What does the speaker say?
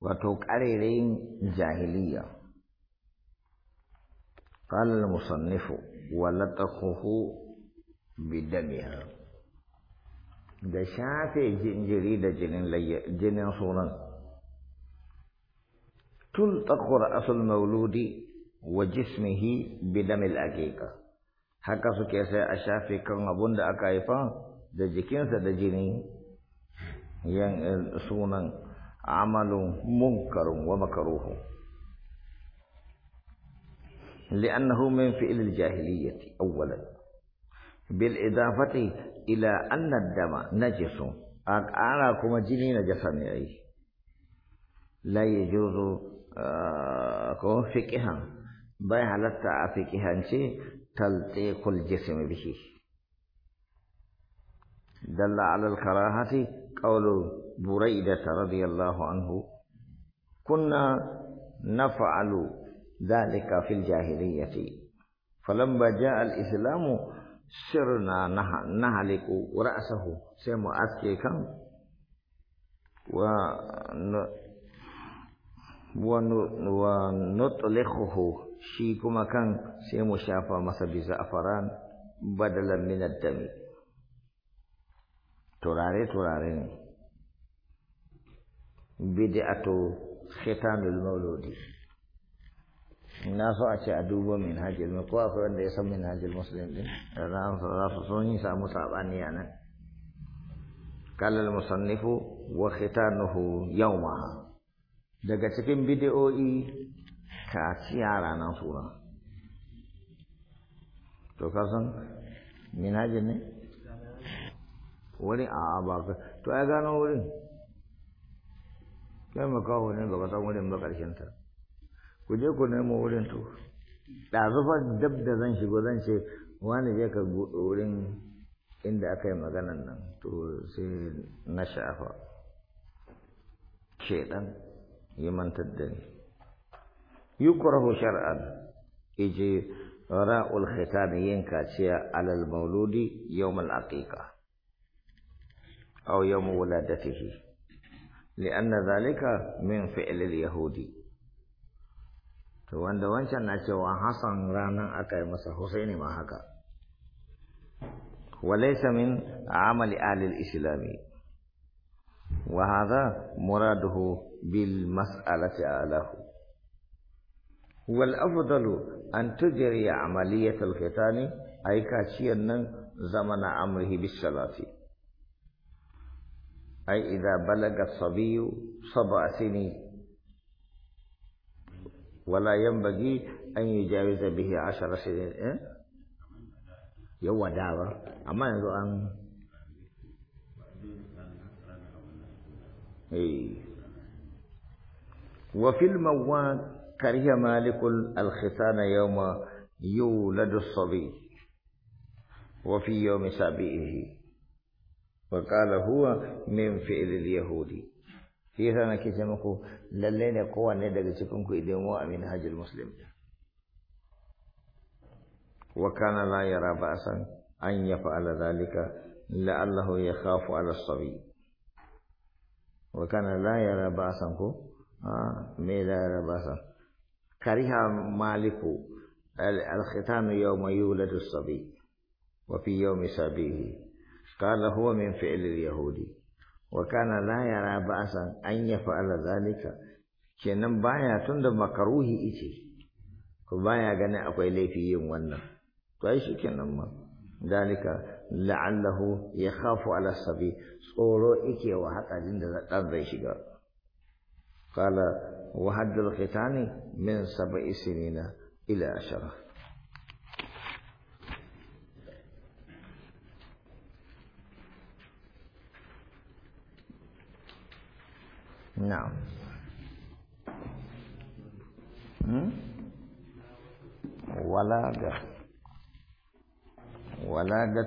wato ƙarerayin jahiliya قال المصنف ولطخه بدمها da shafe jinjiri da jinin sunan tul tsakwar asul mauludi wa jismihi bidamil aqiqa haka suke sai a shafe kan abun da aka haifa da jikinsa da jinin yan sunan عمل منكر ومكروه لأنه من فعل الجاهلية أولا بالإضافة إلى أن الدم نجس أنا كما جني نجسا يعني. لا يجوز فكها آه، فقها بي حالتا فقها تلطيق الجسم به دل على الكراهة قول بريدة رضي الله عنه كنا نفعل ذلك في الجاهلية فلما جاء الإسلام سرنا نهلك رأسه سيما أسكي كان ونطلقه شيكما كان سيما شافا مسا بزعفران بدلا من الدم تراري تراري bid'atu khitanul mauludi na so a ce a duba min hajjil ko kowa akwai wanda ya san min hajjil muslim din da za su sun yi samu saɓani a nan kalal musannifu wa khitanuhu yawma daga cikin ka kaciya ranar sura to kasan min hajjil ne wani a ba to ya gano wurin kai makaho ne gaba san wurin ba karshen ta ku je ku nemo wurin to dab da zan shigo zan ce wani je ka buɗe wurin inda aka yi maganan nan to sai na shafa shedan yi mantar da ni yukrahu shar'an iji ra'ul khitan yin kaciya alal mauludi yawmal aqiqa aw yawmul wuladatihi لأن ذلك من فعل اليهودي توان دوان شان نشوا حسن رانا أكاي مسا حسيني ما هكا وليس من عمل آل الإسلام وهذا مراده بالمسألة آله والأفضل أن تجري عملية الختان أي كاشيا زمن أمره بالصلاة أي إذا بلغ الصبي سبع سنين ولا ينبغي أن يجاوز به عشر سنين إيه؟ يو دعوة أما ينظر أن إيه. وفي المواد كره مالك الختان يوم يولد الصبي وفي يوم سابئه وقال هو من فعل اليهودي كيف انا كيف نقول قوى يقوى ندق اذا هو من هاج المسلم وكان لا يرى باسا ان يفعل ذلك لعله يخاف على الصبي وكان لا يرى باسا آه ما لا يرى باسا كره مالك الختان يوم يولد الصبي وفي يوم سبيه قال هو من فعل اليهودي وكان لا يرى بأسا أن يفعل ذلك كنن بايا تند مكروه إيشي كبايا غنى أقول لي في يوم ونا تعيش كنن ما ذلك لعله يخاف على الصبي صورو إيشي وحتى جند تن ريشي قال وحد الختان من سبع سنين إلى أشرف na'am hmm? walaga walaga